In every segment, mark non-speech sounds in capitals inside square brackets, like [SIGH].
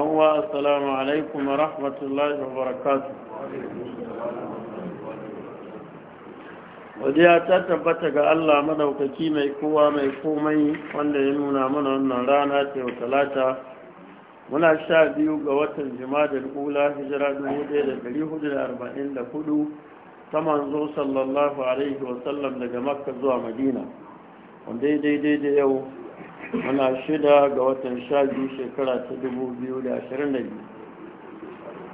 wa assalamu alaikum wa rahmatullahi wa barakatu wadiya ta tabbata ga Allah madaukaki mai kowa mai komai wanda ya nuna mana wannan rana ta wa talata muna sha biyu ga watan jimadar kula hijira 1444 ta manzo sallallahu alaihi wasallam daga makka zuwa madina wanda daidai da yau muna shida ga watan sha shekara ta dubu biyu da ashirin da biyu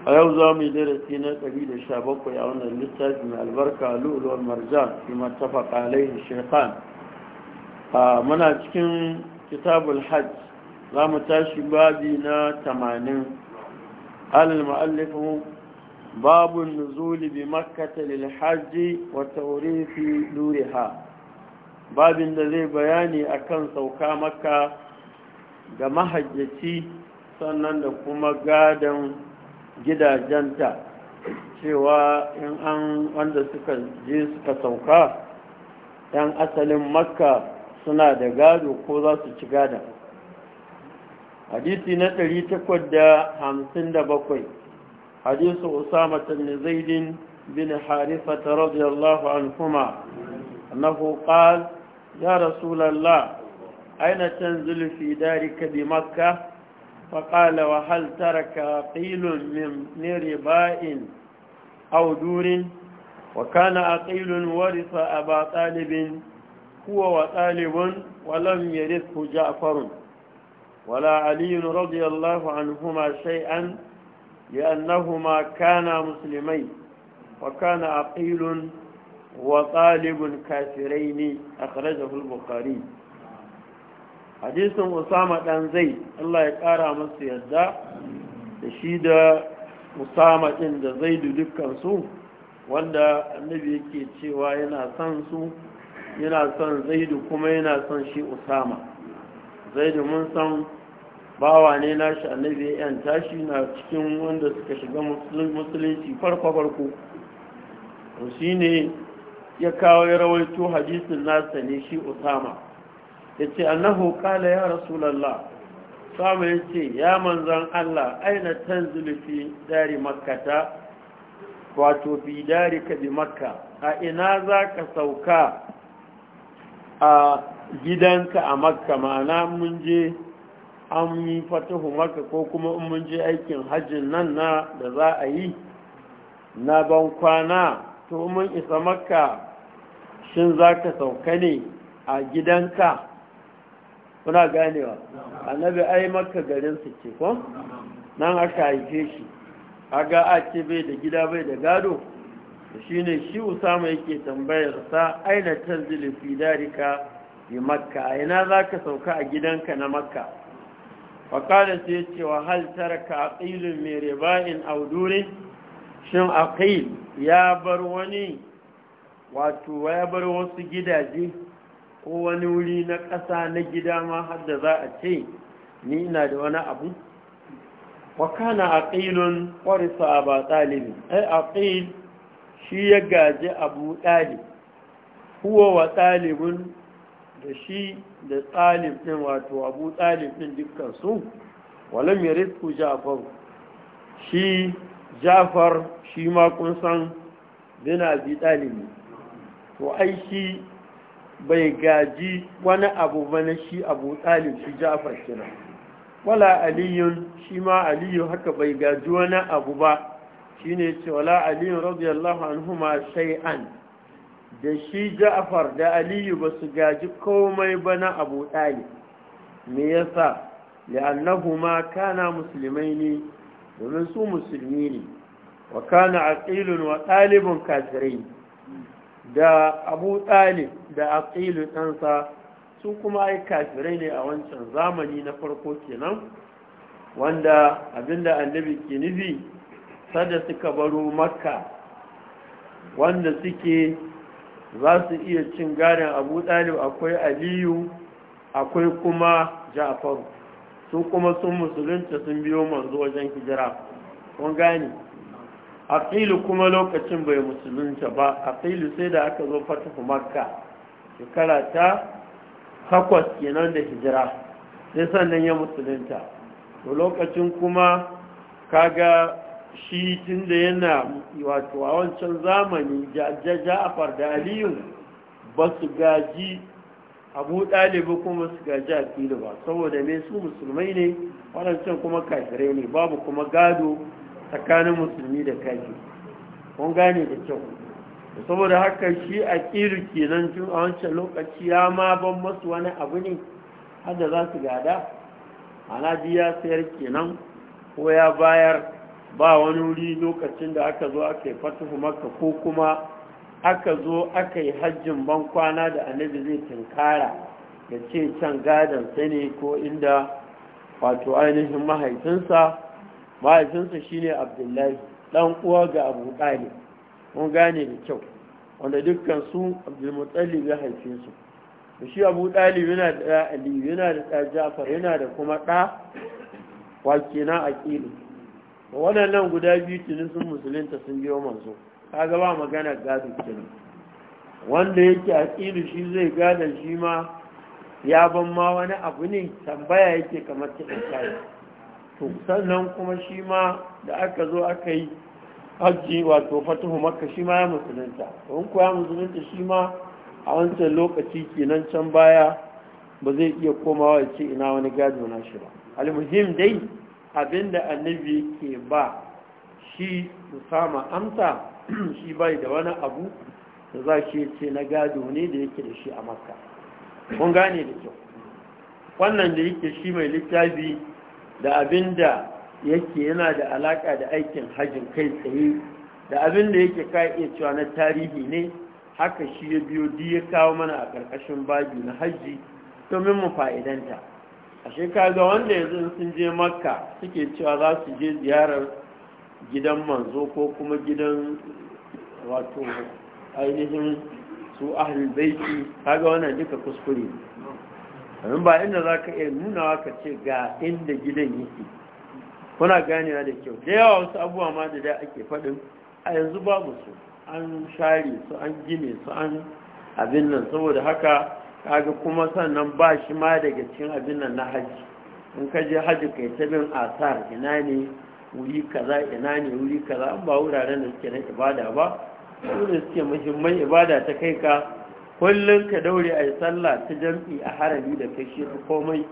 a yau za mu yi darasi na ɗari da sha bakwai a wannan littafi mai albarka lulluwar marjan fi matafa ƙalai shekhan muna cikin kitabul hajj za mu tashi babi na tamanin alal ma'allifin babu nuzuli bi makkata lil hajji wa taurifi duriha babin da zai bayani akan sauka maka da mahajjaci sannan da kuma gadon gidajenta cewa in an wanda suka je suka sauka yan asalin makka suna da gado ko za su ci gada hadisi na 857 hadisu usama bin zaidin bin harifata an anhuma annahu qala ya rasulallah aina can zulfi dari ka bi makka faƙala wa haltara ka ƙilun niri ba'in audurin wa kana a ƙilun warisa a ba ɗalibin kuwa wa ɗalibin walam ya risku ja'farun wala aliyun radiyallahu an huma shay'an li annahuma kana musulmai wa kana a ƙilun Bukhari. الكافرين Usama البخاري حديث Allah بن زيد الله yadda, da shi da Usama عند زيد دكان dukansu, wanda annabi yake cewa yana son su yana son zaidu kuma yana son shi usama zaidu mun san bawa ne nashi annabi 'yan tashi na cikin wanda suka shiga musulunci farko farko shi ne ya kawo ya rawaito hadisin nasa ne shi usama ya ce annahu kala ya rasulallah sama ya ce ya manzan allah aina tanzilu fi dari makkata wato fi dari ka bi makka a ina za ka sauka a gidanka a makka ma'ana mun je an yi fatahu maka ko kuma in mun je aikin hajjin nan na da za a yi na ban kwana to mun isa makka shin za ka sauka ne a gidanka kuna ganewa annabi ai maka garinsu ce ko nan aka haife shi aga a ce bai da gida bai da gado shi ne shi usama yake tambayar sa aina tanzilu fi darika bi makka ina za ka sauka a gidanka na makka faƙada sai cewa hal taraka aqilun mai riba'in audurin shin aqil ya bar wani wato ya bar wasu gidaje ko wani wuri na ƙasa na gida ma har da za a ce ni ina da wani abu wakana aqilun warisa aba talibi ai aqil shi ya gaji abu talib huwa wa talibun da shi da talib din wato abu talib din dukkan su walam yarisku ja'far shi ja'far shi ma kun san bin abi talibi to aiki bai gaji wani abu bane shi abu talib shi jafar kira wala aliyun shi ma aliyu haka bai gaji wani abu ba shi ne ce wala aliyun radiyallahu anhuma an da shi ja'far da aliyu ba su gaji komai ba na abu talib me yasa ma kana musulmai ne domin su musulmi ne wa kana aqilun wa ɗalibin kafirai da abu talib da aqilu ɗansa su kuma ai kafirai ne a wancan zamani na farko kenan wanda abinda annabi ke nufi sada suka baro makka wanda suke za su iya cin garin abu ɗalib akwai aliyu akwai kuma ja'faru su kuma sun musulunta sun biyo manzo wajen hijira kun gane aqilu kuma lokacin bai musulunta ba aqilu sai da aka zo fatahu makka shekara ta takwas kenan da hijira sai sannan ya musulunta to lokacin kuma kaga shi tun da yana wato a wancan zamani ja'afar da aliyu ba su gaji abu ɗalibi kuma su gaji a fili ba saboda ne su musulmai ne waɗancan kuma kafirai ne babu kuma gado tsakanin musulmi da kaji kun gane da kyau saboda haka shi a ƙiru kenan tun a wancan lokaci ya ma ban masu wani abu ne hada za su gada ana biya sayar kenan ko ya bayar ba wani wuri lokacin da aka zo aka yi fatuhu maka ko kuma aka zo aka yi hajjin ban kwana da annabi zai tunkara da ce can gadon sai ne ko inda wato ainihin mahaifinsa mahaifinsa shine abdullahi ɗan uwa ga abu mun gane da kyau wanda dukkan su abdulmutsalib ya haife su da shi abu yana da ɗa aliyu yana da ɗa jafar yana da kuma ɗa wake na aƙili waɗannan guda biyu tuni sun musulunta sun biyo manzo ka gaba magana gado kenan wanda yake aƙili shi zai gada shi ma ya ban ma wani abu ne tambaya yake kamar ta ɗan to sannan kuma shi ma da aka zo aka yi hajji wato fatuhu makka shi ma ya musulunta in ku ya musulunta shi ma a wancan lokaci kenan can baya ba zai iya komawa ce ina wani gado na shi ba almuhim dai abinda annabi yake ba shi su sama amsa [CLEARS THROAT] shi bai da wani abu da za shi ce na gado ne da yake da shi a makka kun gane da kyau wannan da yake shi mai littafi da abinda yake yana da alaka da aikin hajjin kai tsaye da abinda yake ka iya cewa na tarihi ne haka shi ya biyo di ya kawo mana a ƙarƙashin babi na hajji domin mu fa'idanta a shekaru wanda yanzu sun je makka suke cewa za su je ziyarar gidan manzo ko kuma gidan wato ainihin su ahlul baiti kaga wannan duka kuskure domin ba inda za ka iya nuna ka ce ga inda gidan yake kuna ganewa da kyau da yawa wasu abubuwa ma da da ake faɗin a yanzu babu su an share su an gine su an abin nan saboda haka kaga kuma sannan ba shi ma daga cikin abin nan na hajji in ka je haji kai ta bin asar ina ne wuri kaza ina ne wuri kaza an ba wuraren da suke na ibada ba wurin suke muhimman ibada ta kai ka kullum ka daure a yi sallah ta jam'i a harami da kai shi komai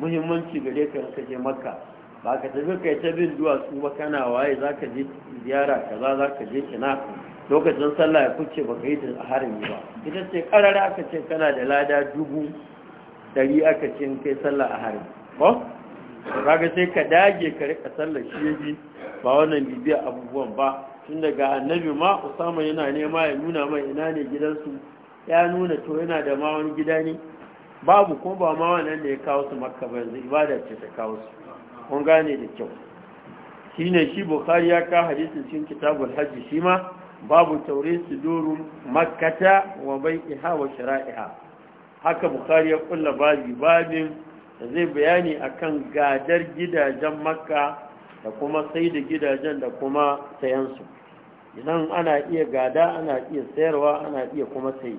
muhimmanci gare ka ka je makka ba ka tafi kai ta bin duwatsu ba kana waye za ka je ziyara kaza za ka je kina lokacin sallah ya kuce ba ka yi ta harami ba ita ce karara aka ce kana da lada dubu dari aka ce kai sallah a harami ba ka sai ka dage ka rika sallah shi yaji ba wannan bibiyar abubuwan ba tun daga annabi ma usama yana nema ya nuna mai ina ne gidansu ya nuna to yana da ma wani gida ne babu kuma ba ma da ya kawo su makka ba yanzu ibada ce ta kawo su kun gane da kyau shine shi bukhari ya ka hadisin cikin kitabul hajji shi ma babu taurisu durun makkata wa iha wa shara'iha haka bukhari ya kulla babi babin da zai bayani akan gadar gidajen makka da kuma sai da gidajen da kuma sayansu idan ana iya gada ana iya sayarwa ana iya kuma sai.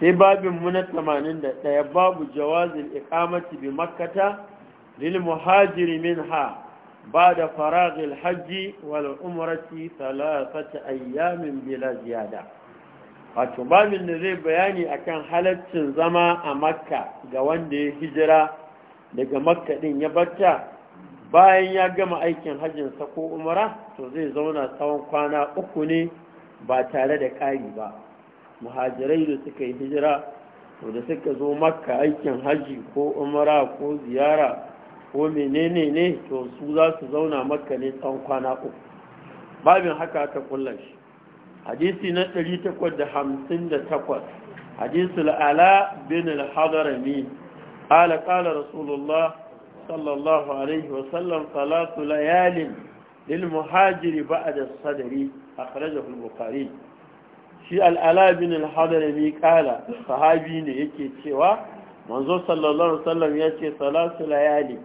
sai babin mu na 81 babu jawazin iqamati bi makkata lil muhajiri minha ba'da faragil hajji wal umrati thalathata ayyamin bila ziyada wato babin da zai bayani akan halaccin zama a makka ga wanda ya hijira daga makka din ya batta bayan ya gama aikin hajjinsa ko umara to zai zauna tsawon kwana uku ne ba tare da ƙari ba muhajirai da suka yi hijira to da suka zo makka aikin hajji ko umara ko ziyara ko menene ne to su za su zauna makka ne tsawon kwana uku babin haka ta kullum shi hadisi na 858 hadisi ala bin al-hadarami قال qala الله صلى الله عليه وسلم صلاة ليال للمهاجر بعد الصدر أخرجه البخاري shi al'ala bin al-hadarami kala sahabi ne yake cewa manzo sallallahu alaihi wasallam ya ce salatu layali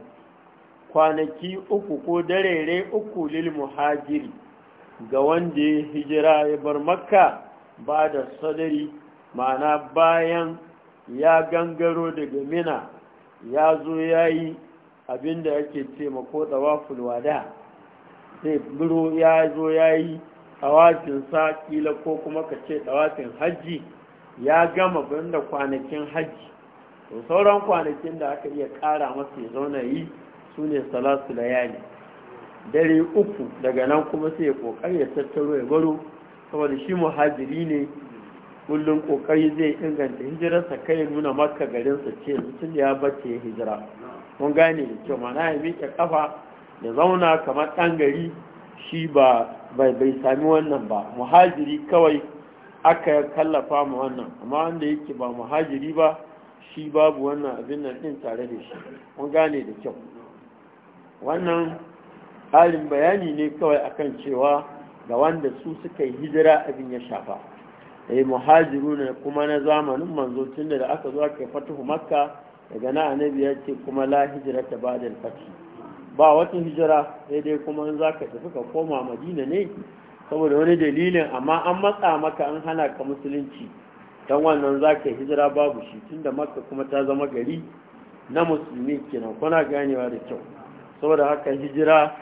kwanaki uku ko darere uku lil muhajiri ga wanda ya hijira ya bar makka ba da sadari ma'ana bayan ya gangaro daga Minna ya zo ya yi abinda yake ce ko tsawaful wada sai biro ya zo ya yi tsawafin sa kila ko kuma ka ce tsawafin hajji ya gama da kwanakin hajji to sauran kwanakin da aka iya kara masa ya zauna yi su ne salatu layali dare uku daga nan kuma sai ya kokari ya tattaro ya baro saboda shi muhajiri ne kullum kokari zai inganta hijirarsa kai nuna maka garinsa ce mutum ya bace hijira kun gane da kyau mana ya miƙe ƙafa da zauna kamar ɗan gari shi ba bai sami wannan ba muhajiri kawai aka kallafa mu wannan amma wanda yake ba muhajiri ba shi babu wannan abin nan ɗin tare da shi kun gane da kyau wannan halin bayani ne kawai akan cewa ga wanda su suka yi hijira abin ya shafa eh muhajiru ne kuma na zamanin manzo tunda da aka zo aka fatuhu makka daga na annabi ya ce kuma la hijira ta ba da ba wata hijira sai dai kuma in za tafi ka koma madina ne saboda wani dalilin amma an matsa maka an hana ka musulunci don wannan zaka ka hijira babu shi tunda maka kuma ta zama gari na musulmi kenan kuna ganewa da kyau saboda haka hijira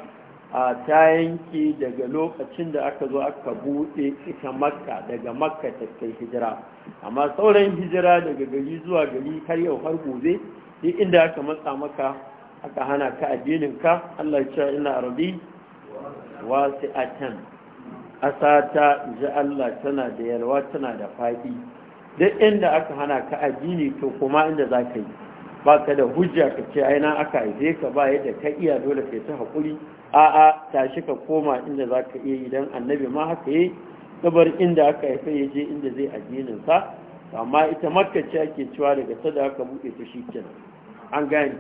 a ta yanki daga lokacin da aka zo aka buɗe ita makka daga makka ta kai hijira amma sauran hijira daga gari zuwa gari har yau har gobe duk inda aka matsa maka aka hana ka addinin ka Allah ya ce ina rabi wasi'atan ƙasa ta ji Allah tana da yalwa tana da faɗi duk inda aka hana ka addini to kuma inda za ka yi ba ka da hujja ka ce aina aka haife ka ba yadda ka iya dole ka ta haƙuri a'a tashi ka koma inda za ka iya yi annabi ma haka yi kabar inda aka haifa ya je inda zai addinin sa amma ita makka ake cewa daga sada aka buɗe ta shi kenan an gane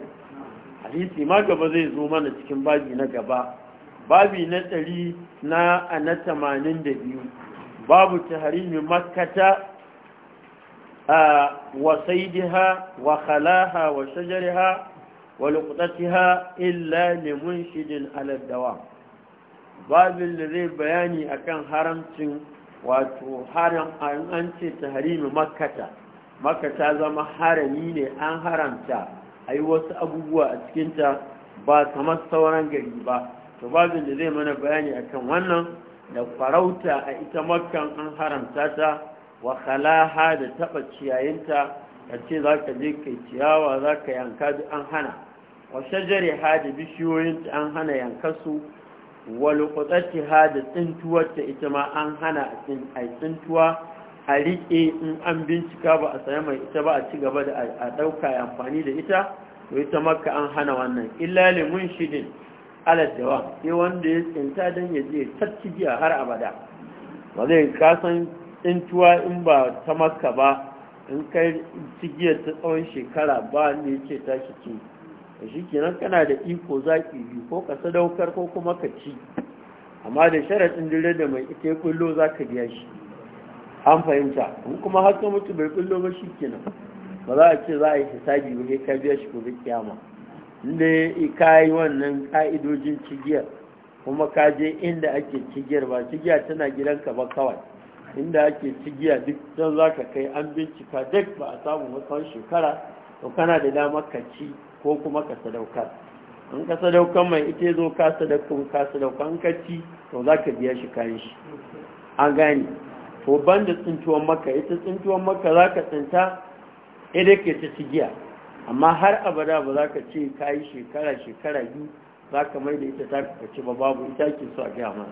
hadisi ma gaba zai zo mana cikin babi na gaba babi na ɗari na ana tamanin da biyu babu ta harimin makata a wasaidiha wa khalaha wa shajariha ولقطتها إلا لمنشد على الدوام باب الذي بياني أكان حرم wato haram an ce tahrimi makkata makka ta zama harami ne an haramta a yi wasu abubuwa a cikinta ba kamar sauran gari ba to babin da zai mana bayani akan wannan da farauta a ita Makka an haramta ta wa khalaha da taɓa ciyayinta ka ce za ka je kai ciyawa za ka yanka duk an hana wa shajari hada bishiyoyin an hana yankasu wal qutati hada tsintuwar ta ita ma an hana a tsintuwa a riƙe in an bincika ba a saya mai ita ba a ci gaba da a ɗauka ya amfani da ita to ita makka an hana wannan illa mun shidin alajawa sai wanda ya tsinta don ya je tattijiya har abada ba zai kasan tsintuwa in ba ta maka ba in kai cigiyar ta tsawon shekara ba ne ce tashi ce shi kenan kana da iko zaki biyu ko ka sadaukar ko kuma ka ci amma da sharaɗin dire da mai ita ya kullo za ka biya shi an fahimta in kuma har mutu bai kullo ba shi kenan ba za a ce za a yi hisabi ba sai ka biya shi ko zai kiyama inda ka yi wannan ka'idojin cigiyar kuma ka je inda ake cigiyar ba cigiya tana gidanka ba kawai inda ake cigiya duk don za ka kai an bincika duk ba a samu wata shekara to kana da damar ka ci ko kuma ka sadaukar in ka sadaukar mai ita zo ka sadaukar ka sadaukar ka ci to za ka biya shi kayan shi an gani to ban da tsintuwan maka ita tsintuwan maka za ka tsinta ita ke ta cigiya amma har abada ba za ka ce ka yi shekara shekara biyu za ka mai da ita ta kaci ba babu ita ke so a gaya mana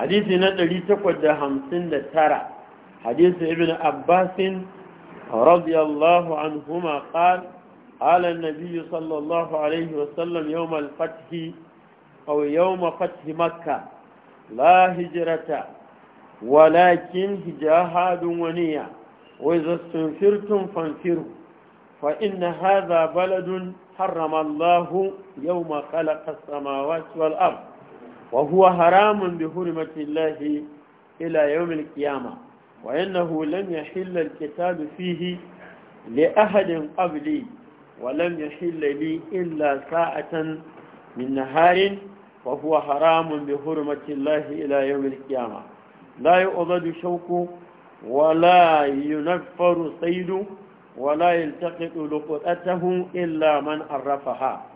hadisi na 859 hadisi ibn abbasin radiyallahu anhuma qala قال النبي صلى الله عليه وسلم يوم الفتح أو يوم فتح مكة لا هجرة ولكن جهاد ونية وإذا استنفرتم فانفروا فإن هذا بلد حرم الله يوم خلق السماوات والأرض وهو حرام بحرمة الله إلى يوم القيامة وإنه لم يحل الكتاب فيه لأحد قبلي ولم يحل لي إلا ساعة من نهار وهو حرام بحرمة الله إلى يوم القيامة لا يؤضد شوك ولا ينفر صيد ولا يلتقط لقطته إلا من عرفها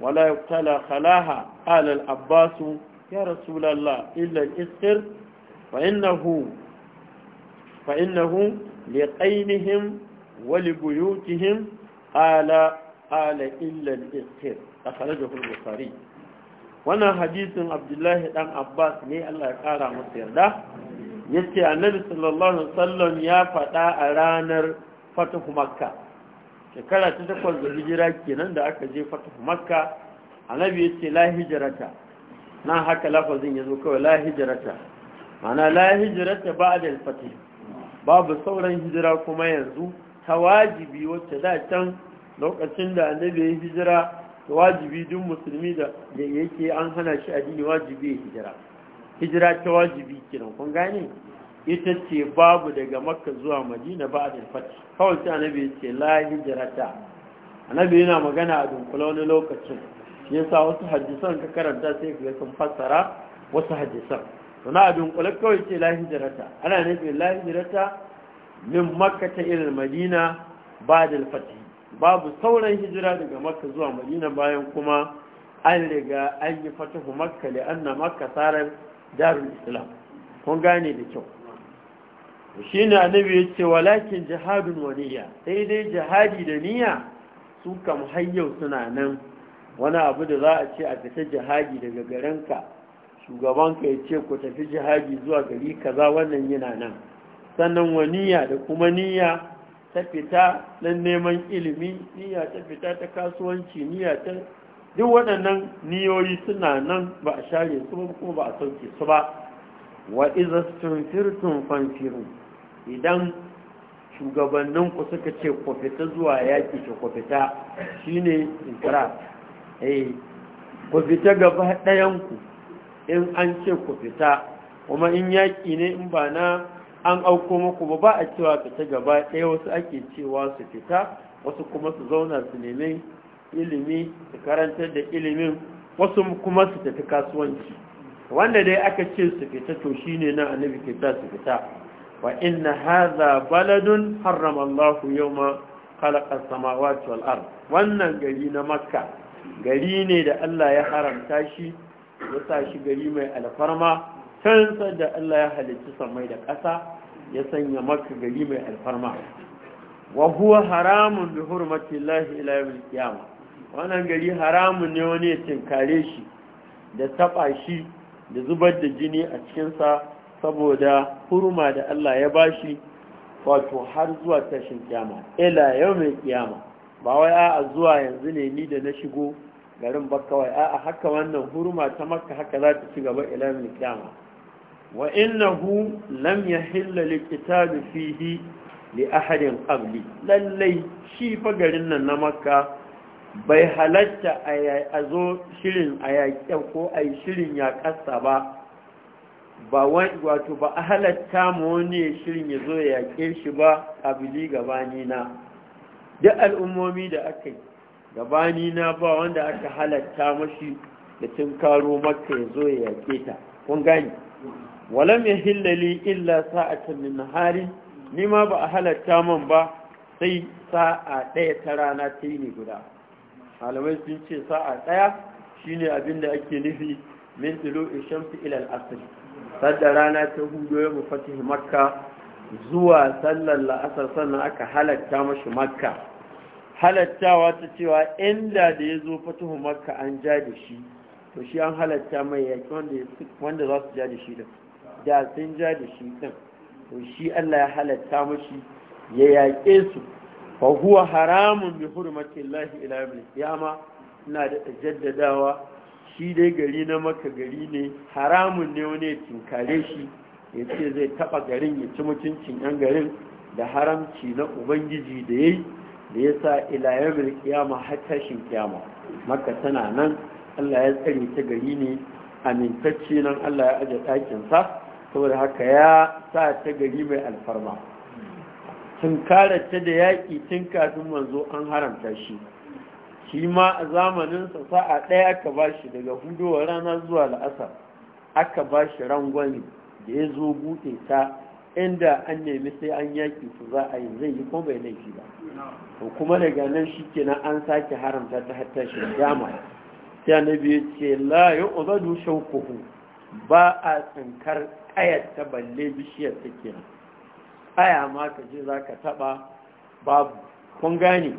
ولا يقتل خلاها قال العباس يا رسول الله إلا الإسر فإنه فإنه لقينهم ولبيوتهم ala ala illal istir a kare da hulbukari wannan hadisin abdullahi dan abbas ne allah ya kara masa yarda ya ce annabi sallallahu alaihi wasallam ya faɗa a ranar fatuhu makka shekara ta takwas da hijira kenan da aka je fatuhu makka annabi ya ce la hijirata nan haka lafazin ya zo kawai la hijirata mana la hijirata ba a da babu sauran hijira kuma yanzu ta wajibi wacce da can lokacin da annabi ya hijira ta wajibi duk musulmi da yake an hana shi addini wajibi ya hijira hijira ta wajibi kenan kun gane ita ce babu daga makka zuwa madina ba a dalfati kawai sai annabi ya ce la ta annabi yana magana a dunkula wani lokacin ya sa wasu hadisan ka karanta sai ka sun fassara wasu hadisan to na a dunkula kawai ce la ana nufin la hijirata min makka ta irin madina ba da alfati babu sauran hijira daga makka zuwa madina bayan kuma an riga an yi fatahu makka da anna makka sarar darul islam kun gane da kyau shine annabi ya ce walakin jihadun wa niyya sai dai jihadi da niyya su kam hayyau suna nan wani abu da za a ce a fita jihadi daga garinka shugabanka ya ce ku tafi jihadi zuwa gari kaza wannan yana nan sannan wa niyya da kuma niyya ta fita don neman ilimi niyya ta fita ta kasuwanci niyya ta duk waɗannan niyoyi suna nan ba a share su ba kuma ba a sauke su ba wa iza sunfirtun fanfiru idan shugabannin ku suka ce ku fita zuwa yaƙi ce ku fita shine inkira eh ku in an ce ku fita kuma in yaƙi ne in ba na an auko muku ba a cewa fita gaba ɗaya wasu ake cewa su fita wasu kuma su zauna su nemi ilimi su karantar da ilimin wasu kuma su tafi kasuwanci wanda dai aka ce su fita to shine nan annabi ke su fita wa inna haza baladun harrama Allah yawma khalaqa samawati wal ard wannan gari na makka gari ne da Allah ya haramta shi ya sa shi gari mai alfarma tun da Allah ya halicci samai da ƙasa ya sanya maka gari mai alfarma wa huwa haramun bi hurmati llahi ila yawmil qiyama wannan gari haramun ne wani ya tinkare shi da taba shi da zubar da jini a cikin sa saboda hurma da Allah ya bashi wato har zuwa tashin kiyama ila mai qiyama ba wai a zuwa yanzu ne ni da na shigo garin ba kawai a haka wannan hurma ta maka haka za ta ci gaba ila mai qiyama wa innahu lam yahilla likitabi fihi li ahadin qabli lallai shi fa garin nan na makka bai halatta a zo shirin a yaƙe ko a yi shirin ya ƙasa ba ba wato ba a halatta ma wani shirin ya zo ya yaƙe shi ba ƙabili gabanina duk al'ummomi da aka yi na ba wanda aka halatta mashi da tun karo makka ya zo ya yaƙe ta kun gani walam ya hillali illa sa'atan min nahari ni ba a halatta man ba sai sa'a ɗaya ta rana ta yi ne guda malamai sun ce sa'a ɗaya shine abin da ake nufi min tsilo ishamsu ilal asir sadda rana ta hudu ya mafati makka zuwa sallar la'asar sannan aka halatta mashi makka halattawa ta cewa inda da ya zo fatuhu makka an ja da shi to shi an halatta mai yaƙi wanda za su ja da shi da da sun ja da shi ɗin to shi Allah ya halatta mashi ya yaƙe su fa huwa haramun bi hurmati Allah ila yawm qiyama ina da jaddadawa shi dai gari na maka gari ne haramun ne wani ya tinkare shi ya ce zai taɓa garin ya ci mutuncin yan garin da haramci na ubangiji da yayi da ya sa ila yawm qiyama har tashin kiyama maka tana nan Allah ya tsare ta gari ne amintacce nan Allah ya aje ɗakinsa saboda haka ya sa ta gari mai alfarma Sun ta da yaƙi tun kafin manzo an haramta shi shi ma a zamaninsa sa'a ɗaya aka ba shi daga hudowar rana zuwa la'asar aka ba shi rangwani da ya zo buɗe ta inda an nemi sai an yaƙi su za a yi zai yi ko bai laifi ba to kuma daga nan shi kenan an sake haramta ta hatta shi dama sai annabi ya ce la ya ba a tsinkar ƙayar ta balle bishiyar ta ke aya ma ka je za ka taɓa babu kun gane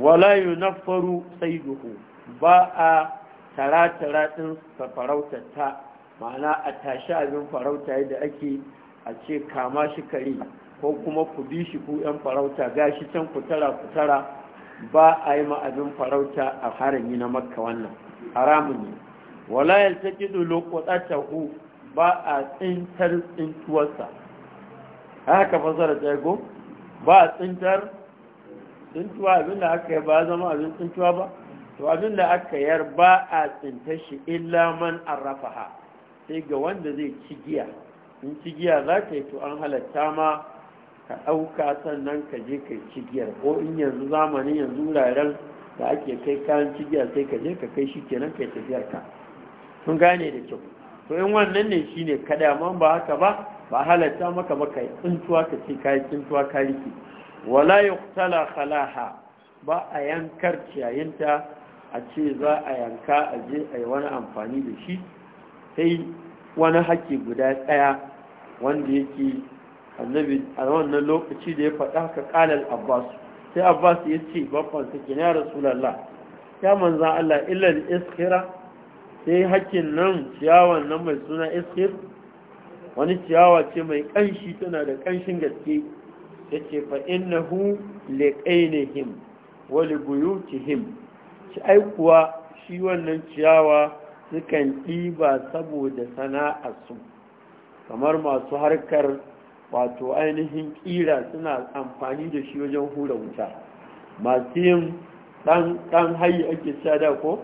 Walayu yi na faru sai duhu ba a taratara tara ɗin farautar ta ma'ana a tashi abin farauta yadda ake a ce kama shi kare ko kuma ku bi shi ku 'yan farauta gashi can ku tara ba a yi ma'abin farauta a harin yi na makka wannan haramun ne wala yalta ta lokotsatahu ba a tsintar tsintuwarsa haka fasara ta yago ba a tsintar tsintuwa abinda aka yi ba zama abin tsintuwa ba to abinda aka yar ba a tsintar shi illa man ha. sai ga wanda zai cigiya in cigiya giya za ka yi to an halatta ma ka ɗauka sannan ka je ka ci giyar ko in yanzu zamanin yanzu wuraren da ake kai kayan ci sai ka je ka kai shi kenan yi tafiyar ka sun gane da kyau to in wannan ne shine kaɗai amma ba haka ba ba halatta maka maka kai ka ce kai tsintuwa ka riki wala yuqtala khalaha ba a yankar ciyayinta a ce za a yanka a je a yi wani amfani da shi sai wani haƙƙi guda ɗaya wanda yake annabi a wannan lokaci da ya faɗa ka ƙalal abbas sai abbas ya ce babban sa ke na rasulallah ya manzan allah illal iskira sai hakkin nan ciyawan nan mai suna iskir wani ciyawa ce mai kanshi tana da kanshin gaske Ta ce hu fa'innahu him? wali buyutihim ci aikuwa shi wannan ciyawa sukan ɗiba saboda sana'arsu kamar masu harkar wato ainihin ƙira suna amfani da shi wajen hura wuta masu yin ɗan hayi ake da, ko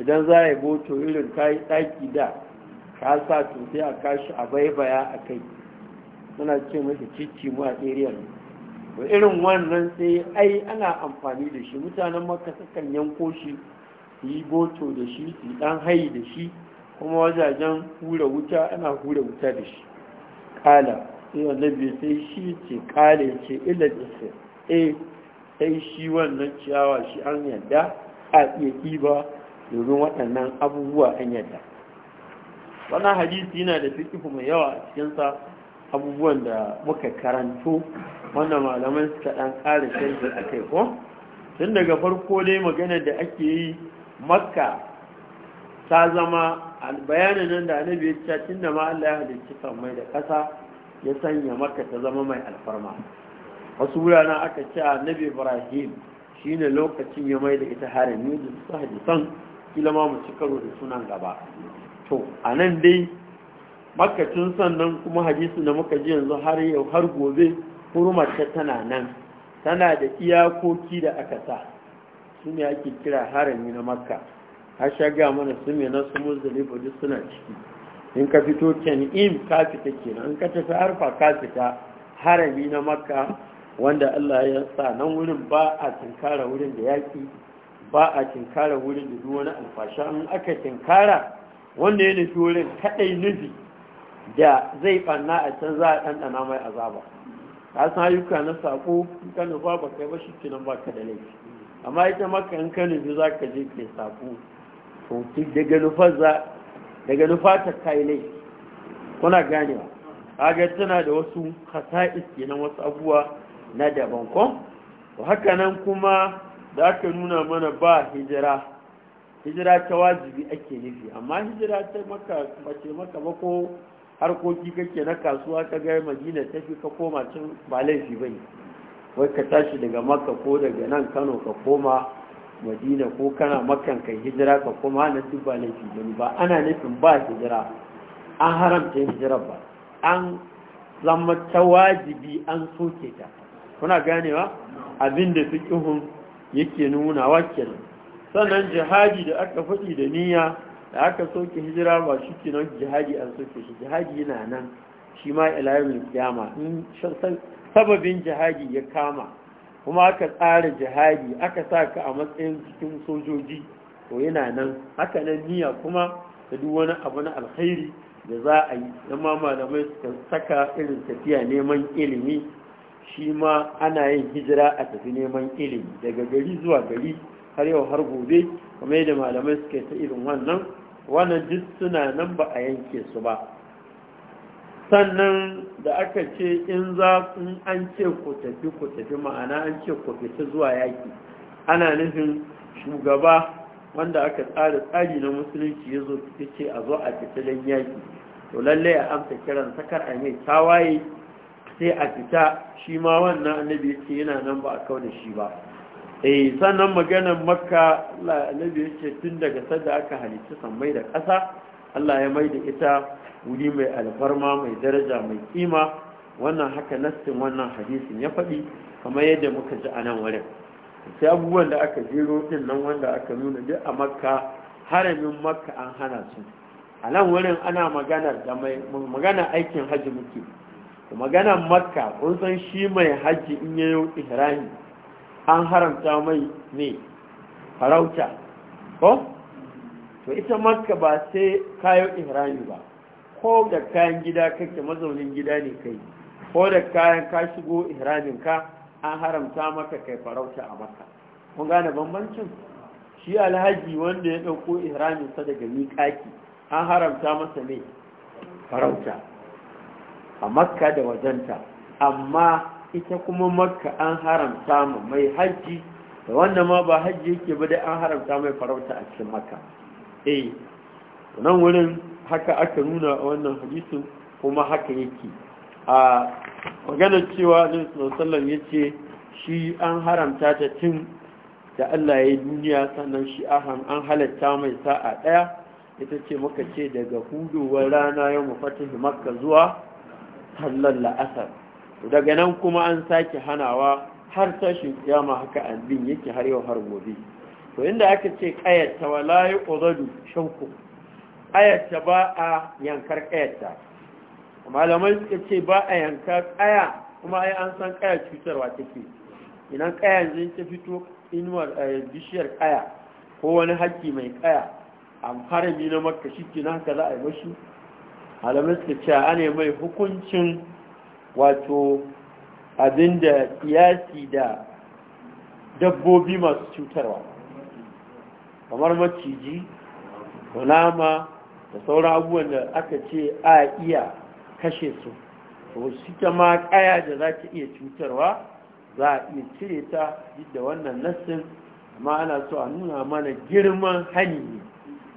idan za a yi boto irin ta yi ɗaki da ka sa tutai a kashi a baibaya a kai suna ce mashi cici mu a tseriyar ne irin wannan sai ai ana amfani da shi mutanen maka sukan yanko shi su yi boto da shi su ɗan hayi da shi kuma wajajen hura wuta ana hura wuta da shi kala sai wannan sai shi ce ya ce illa isa eh sai shi wannan ciyawa shi an yadda a iya ɗiba domin waɗannan abubuwa an yadda wannan hadisi yana da fikihu mai yawa a cikinsa abubuwan da muka karanto wanda malaman suka ɗan ƙara shirgin a kai ko tun daga farko dai maganar da ake yi makka ta zama bayanin nan da annabi ya cika tun da ma Allah ya halicci sammai da ƙasa ya sanya makka ta zama mai alfarma wasu wuraren aka ce annabi ibrahim shine lokacin ya mai da ita harin da su hadisan kila ma mu ci karo da sunan gaba to a nan dai tun sannan kuma hadisi da muka ji yanzu har yau har gobe hurumar ta tana nan tana da iyakoki da aka sa su ne ake kira harami na makka har shaga mana su ne na su muzdalifa duk suna ciki in ka fito im ka fita kenan in ka tafi harfa ka fita harami na makka wanda allah ya sa nan wurin ba a tunkara wurin da yaƙi ba a tinkara wurin da duk wani alfasha an aka tinkara wanda ya nufi wurin kaɗai nufi da zai ɓanna a can za a ɗanɗana mai azaba ka san ayyuka na saƙo in ka nufa ba kai ba shi ba ka da laifi amma ita maka in ka nufi za ka je kai saƙo to daga nufa za daga nufa ta kai laifi kuna ganewa kaga tana da wasu hasa'is kenan wasu abubuwa na daban ko haka nan kuma da aka nuna mana ba hijira hijira ta wajibi ake nufi amma hijira ta maka mace maka ba ko harkoki kake na kasuwa ka ga madina ta fi ka koma can ba laifi bane wai ka tashi daga maka ko daga nan kano ka koma madina ko kana makan kai hijira ka koma na duk ba laifi bane ba ana nufin ba hijira an haramta hijira ba an zama ta wajibi an soke ta kuna ganewa da su kihun yake nuna, wakil sannan jihadi da aka faɗi da niyya da aka soke hijira ba shi ke nan jihadi an soke shi jihadi yana nan shi ma ilayen kiyama in sababin jihadi ya kama kuma aka tsara jihadi aka sa ka a matsayin cikin sojoji ko yana nan haka nan niyya kuma da duk wani abu na alkhairi da za a yi na malamai suka saka irin tafiya neman ilimi shi ma ana yin hijira a tafi neman ilimi daga gari zuwa gari har yau har gobe kuma yadda malamai suke ta irin wannan wannan duk suna nan ba a yanke su ba sannan da aka ce in za in an ce ku tafi ku tafi ma'ana an ce ku fita zuwa yaki ana nufin shugaba wanda aka tsara tsari na musulunci ya zo ce a zo a fita don yaki to lallai a amsa kiran sakar a mai tawaye sai a fita shi ma wannan annabi ya ce yana nan ba a kauna shi ba eh sannan maganar makka Allah annabi ya ce tun daga sadda aka halitta sammai da ƙasa Allah ya mai da ita wuri mai alfarma mai daraja mai kima wannan haka nassin wannan hadisin ya faɗi kamar yadda muka ji a nan wurin sai abubuwan da aka jero din nan wanda aka nuna duk a makka haramin makka an hana su a nan wurin ana maganar da aikin hajji muke maganan makka kun san shi mai hajji in ya yi ihrami an haramta mai ne farauta ko to ita makka ba sai kayan ihrami ba ko da kayan gida kake mazaunin gida ne kai ko da kayan ka shigo ihramin ka an haramta maka kai farauta a makka kun gane bambancin shi alhaji wanda ya ɗauko ihramin sa daga miƙaki an haramta masa ne farauta a makka da wajenta amma ita kuma makka an haramta mai haji. da wannan ma ba haji yake ba dai an haramta mai farauta a cikin makka eh nan wurin haka aka nuna a wannan hadisin kuma haka yake a magana cewa ne sallallahu yace shi an haramta ta tun da Allah ya yi duniya sannan shi an halatta mai sa'a ɗaya. ita ce muka ce daga hudowar rana yau mafatahi makka zuwa kallon la'asar daga nan kuma an sake hanawa har tashin kiyama haka abin yake har yau har gobe to inda aka ce kayatta wala yi ƙozadu shanku kayatta ba a yankar kayatta malamai suka ce ba a yanka kaya kuma ai an san kaya cutarwa take idan kaya yanzu ta fito inuwar eh, bishiyar kaya ko wani haƙƙi mai kaya a harami na makka shi haka za a yi mashi malamai suka ce ana mai hukuncin wato abinda siyasi da dabbobi masu cutarwa kamar maciji kunama da sauran abubuwan da aka ce a iya kashe su to shi ma kaya da za ta iya cutarwa za a iya cire ta duk da wannan nassin amma ana so a nuna mana girman hanyoyi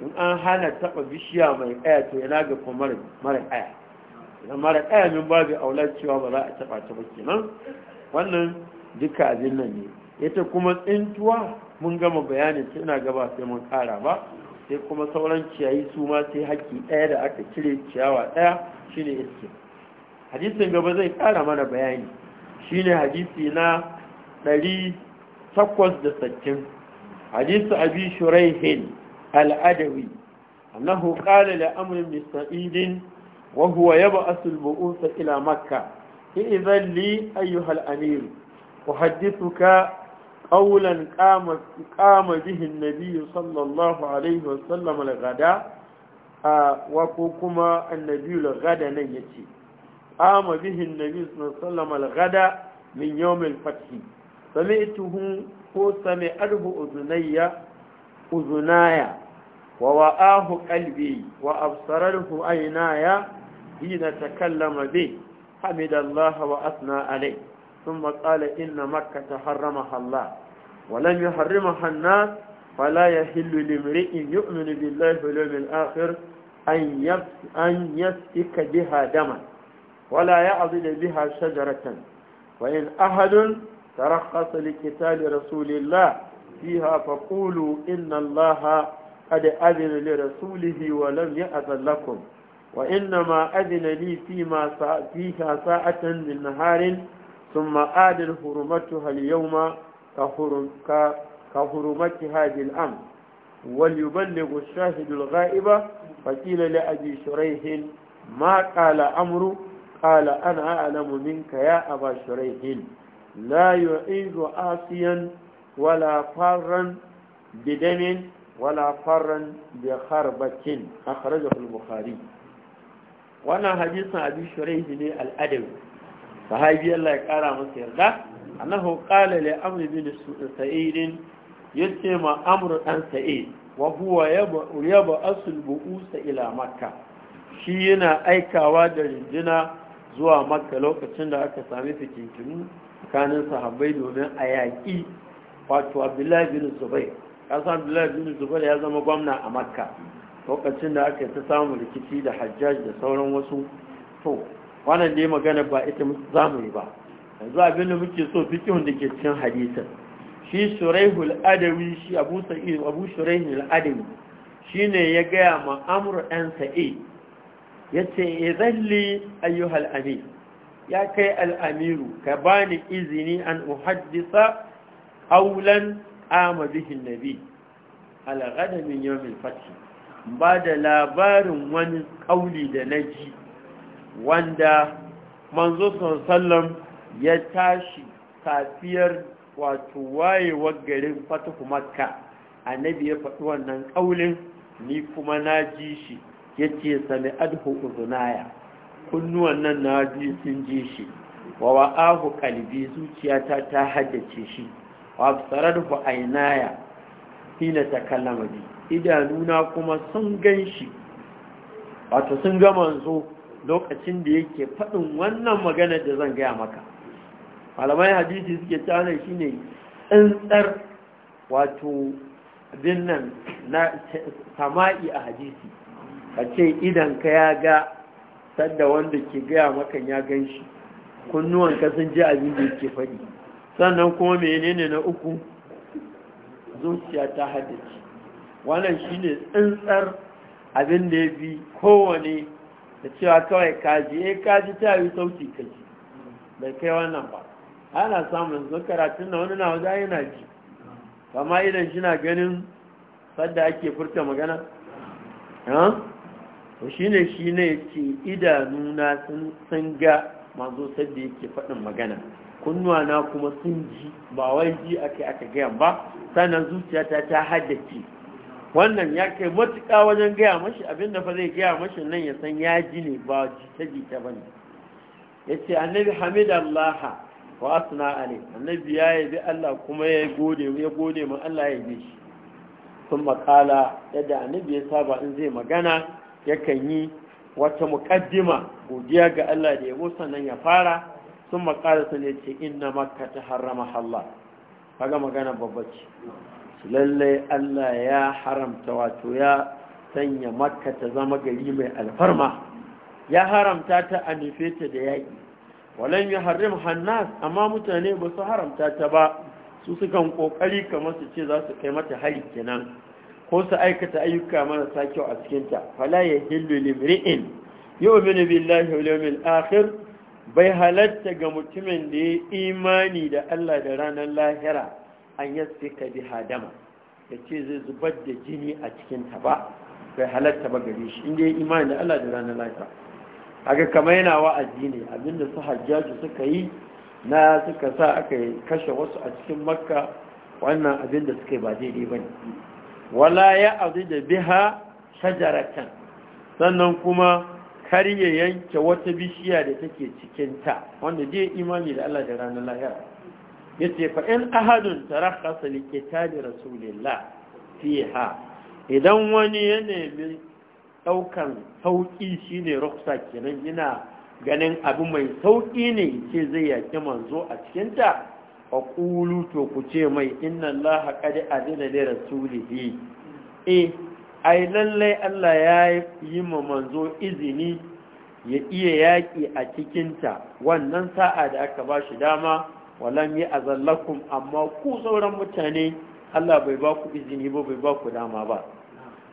in an hana taba bishiya mai ɗaya to yana ga kuma mara ɗaya? idan mara ɗaya min babu aula cewa ba za a taba ta ba kenan wannan duka abin nan ne ita kuma tsintuwa mun gama bayanin ta ina gaba sai mun kara ba sai kuma sauran ciyayi su ma sai hakki, ɗaya da aka cire ciyawa ɗaya shine iske hadisin gaba zai kara mana bayani shine hadisi na ɗari 860 hadisi abi shuraihin al’adawi annahu ƙada da amurin mista idin wahuwa ya ba a sulbu'unsa ila makka ki izan ayyuhal amiru ku haddisu ka ƙaunan ƙama jihin nabiyu sallallahu alaihi wasallam al-gada a wako kuma annabiyu al-gada nan ya ce ƙama jihin nabiyu sallallahu gada min yawon fatih sami ituhun ko sami arhu uzunayya uzunaya wa wa'ahu kalbi wa absararhu ainaya hina takallama bi hamidallahi wa asna alai thumma qala inna makkata harramaha Allah wa lam yuharrimha an-nas fala yahillu limri'in yu'minu billahi wal yawmil akhir an yabs an yasika biha dama wala ya'zid biha shajaratan wa in ahadun likita da rasulillah. فيها فقولوا إن الله قد أذن لرسوله ولم يأذن لكم وإنما أذن لي فيما فيها ساعة من نهار ثم آدل حرمتها اليوم كحرمت هذه الأمر وليبلغ الشاهد الغائب فقيل لأبي شريح ما قال أمر قال أنا أعلم منك يا أبا شريح لا يعيد عاصيا wala farran bidamin wala farran bi kharbatin akhrajahu al-bukhari wannan hadisin abi shuraihi ne al-adawi sahabi Allah ya kara masa yarda annahu qala li amr bin sa'id yace ma amr dan sa'id wa yaba asul bu'usa ila makka shi yana aikawa da rinjina zuwa makka lokacin da aka sami fitintunu tsakanin sahabai domin a yaƙi wato abdullahi bin zubair kasan abdullahi bin zubair ya zama gwamna a makka lokacin da aka ta samu rikici da hajjaj da sauran wasu to wannan ya magana ba ita yi ba yanzu abin da muke so fikihun da ke cikin hadisin shi shuraihul adawi shi abu sa'id abu shuraihul Shi ne ya gaya ma amru ɗan sa'i yace zalli ayyuhal amir ya kai al-amiru ka bani izini an uhaddisa aulan ama bihin nabi alghada min yawmil ba da labarin wani kauli da naji wanda manzo sallam ya tashi safiyar wato wayewar garin fatahu makka annabi ya faɗi wannan kaulin ni kuma na ji shi yace sami adhu uzunaya kunnuwan nan na ji sun ji shi wa wa'ahu kalbi zuciyata ta haddace shi absararhu faainaya hina kallama bi idanuna kuma sun ganshi wato sun gama manzo lokacin da yake faɗin wannan magana da zan gaya maka malamai hadisi suke tana shi ne tsantsar wato binnan na sama'i a hadisi a ce ka ya ga sadda wanda ke gaya maka ya gan shi kunnuwanka sun ji abin da yake faɗi sannan kuma menene na uku zuciya ta haddace wannan shine tsintsar abin da ya bi kowane da cewa kawai kaji eh kaji ta yi sauki kaji bai kai wannan ba ana samun zuwa karatun na wani na wajen yana ji kama idan shi na ganin sadda ake furta magana to shi ne shi ne ce idanuna sun ga mazo sadda yake faɗin magana kunnuwa na kuma sun ji ba wai ji ake aka gaya ba sannan zuciya ta ta haddace wannan ya kai matuƙa wajen gaya mashi abinda fa zai gaya mashi nan ya san ya ji ne ba jita jita ba ne ya ce annabi allah wa asna ale annabi ya yabi Allah kuma ya gode ma Allah ya yi shi sun makala yadda annabi ya saba in zai magana yakan yi wata muƙaddima godiya ga Allah da yabo sannan ya fara sun makara ne ya ce inna makka ta harama Allah kaga magana babbaci lallai Allah ya haramta wato ya sanya makka ta zama gari mai alfarma ya haramta ta a nufe ta da yaƙi walan ya harim hannas amma mutane ba su haramta ta ba su sukan ƙoƙari kamar su ce za su kai mata hari kenan ko su aikata ayyuka marasa kyau a cikinta fala ya hillu limri'in mini billahi wal yawmil akhir bai halatta ga mutumin da ya imani da Allah da ranar lahira an yadda ka bi hadama da ce zai zubar da jini a cikinta ba bai halatta ba gare shi inda ya imani da Allah da ranar lahira ga kama yana wa'azi ne abinda su hajjaji suka yi na suka sa aka kashe wasu a cikin makka wannan abinda suka yi ba daidai ba ne wala ya azu da biha shajaratan sannan kuma kar ya yanke wata bishiya da take cikin ta wanda zai imani da Allah da ranar lahira ce fa in ahadun tarakhasa li da rasulillah fiha idan wani ya nemi daukan sauki shine ruksa kenan yana ganin abu mai sauƙi ne ce zai yaki manzo a cikin ta fa qulu to ku ce mai inna allaha qad adina li rasulihi eh ai lallai Allah ya yi ma manzo izini ya iya yaƙi a cikinta wannan sa'a da aka ba shi dama walan yi azallakum amma ku sauran mutane Allah bai ba ku izini ba bai ba ku dama ba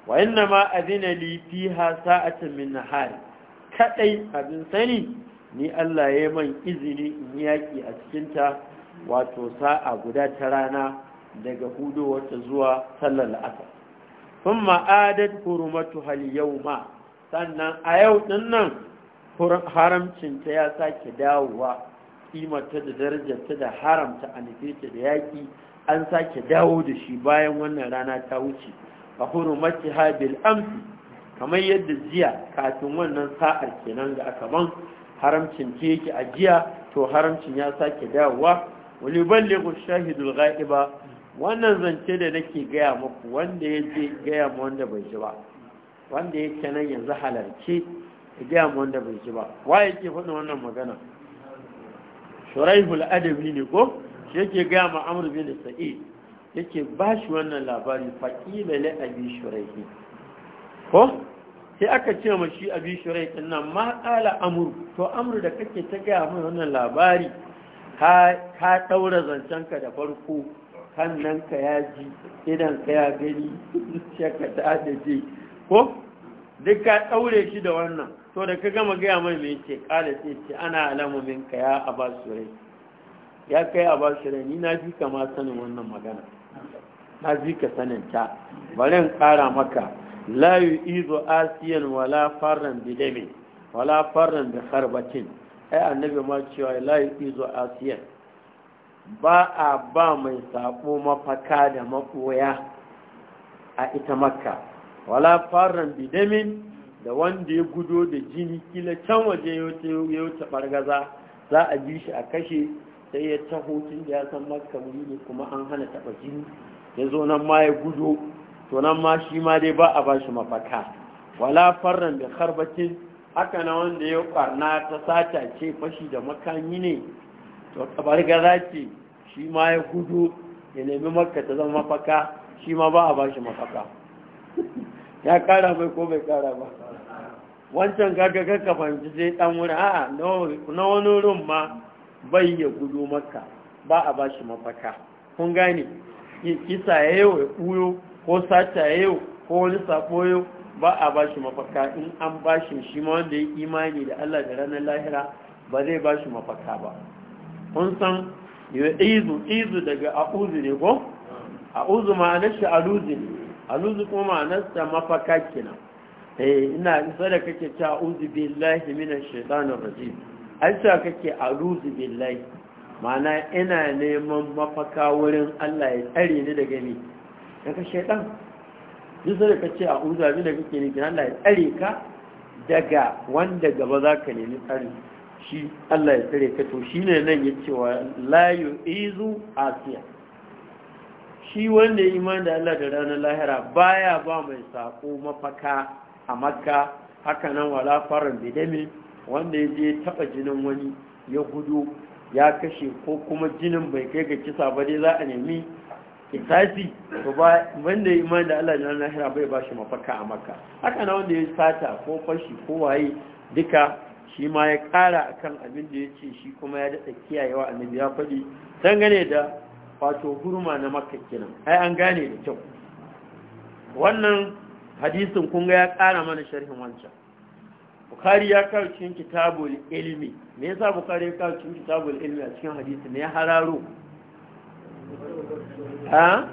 wa inna ma azina li fiha sa'atan min nahar kaɗai abin sani ni Allah ya man izini in yaƙi a cikinta wato sa'a guda ta rana daga hudu wata zuwa sallar la'asar sun ma'adad hurumatu yau ma sannan a yau dinnan haramcinta ya sake dawowa kimata da darajarta da haramta a nufeta da yaƙi an sake dawo da shi bayan wannan rana ta wuce a hurumati habil amsi kamar yadda jiya kafin wannan sa'ar kenan ga akaban haramcin keke a jiya to haramcin ya sake dawowa wani balle shahidul ga'iba wannan zance da nake gaya muku wanda ya je gaya mu wanda bai ji ba wanda ya ke nan yanzu halarci ya gaya mu wanda bai ji ba wa ya ke faɗi wannan magana shuraihul adabi ne ko shi yake gaya ma amur bin sa'id yake ba shi wannan labari faƙila li abi shuraihi ko sai aka ce ma shi abi shuraihi nan ma ala amur to amur da kake ta gaya mu wannan labari ka ka daura ka da farko hannunka ya ji idanka ya gani zuciyarka ta adaje ko duk ka ɗaure shi da wannan to da ka gama gaya mai mai ce ƙala sai ce ana alamomin ka ya rai ya kai rai ni na ji kama sanin wannan magana na ji ka sanin ta bari in ƙara maka la izo asiyan wala farran bidame wala farran da kharbatin ai annabi ma cewa la izo asiyan ba a ba mai saƙo mafaka da maɓoya a ita makka wala farin bidamin da wanda ya gudo da jini kila can waje ya wuce bargaza za a bi shi a kashe sai ya taho tun da ya san makka wuri ne kuma an hana taba jini ya zo nan ma ya gudo to nan ma shi ma dai ba a ba shi mafaka wala farin da haka na wanda ya ƙarna ta sata ce fashi da makami ne to kabar ce shi ma ya gudu ya nemi makka ta zama mafaka shi ma ba a ba shi mafaka [LAUGHS] ya kara mai ko bai kara ba wancan gaga kakka fahimci zai dan wuri a na wani wurin ma bai ya gudu makka ba a ba shi mafaka kun gani kisa ya yau ya kuyo ko sata ya yau ko wani sabo yau ba a ba shi mafaka in an ba shi shi ma wanda ya imani da Allah da ranar lahira ba zai ba shi mafaka ba kun san izu izu daga a'uzu ne ko a'uzu na shi aluzi ne aluzi kuma na sa mafaka kenan eh ina isa da kake ta a'uzu billahi minash shaitanir rajim ai sa kake a'uzu billahi ma'ana ina neman mafaka wurin Allah ya tsare ni daga ni daga shaitan duk sai ka a'uzu billahi da kake ni Allah ya tsare ka daga wanda gaba zaka nemi tsare shi Allah ya tsare ka to ne nan ya cewa la yu'izu asiya shi wanda imani da Allah da ranar lahira baya ba mai sako mafaka a makka haka nan wala farin bidami wanda ya je taba jinin wani ya gudu ya kashe ko kuma jinin bai kai ga kisa ba dai za a nemi kitafi to ba wanda imani da Allah da ranar lahira bai ba shi mafaka a makka haka nan wanda ya sata ko fashi ko waye duka shi ma ya ƙara kan abin da ya ce shi kuma ya daɗa kiyayewa annabi ya faɗi gane da wato hurma na makakkinan ai an gane da kyau wannan hadisin kunga ya ƙara mana sharhin wancan bukari ya kawo cikin kitabul ilmi me yasa bukari ya kawo cikin kitabul ilmi a cikin hadisi ne ya hararo ha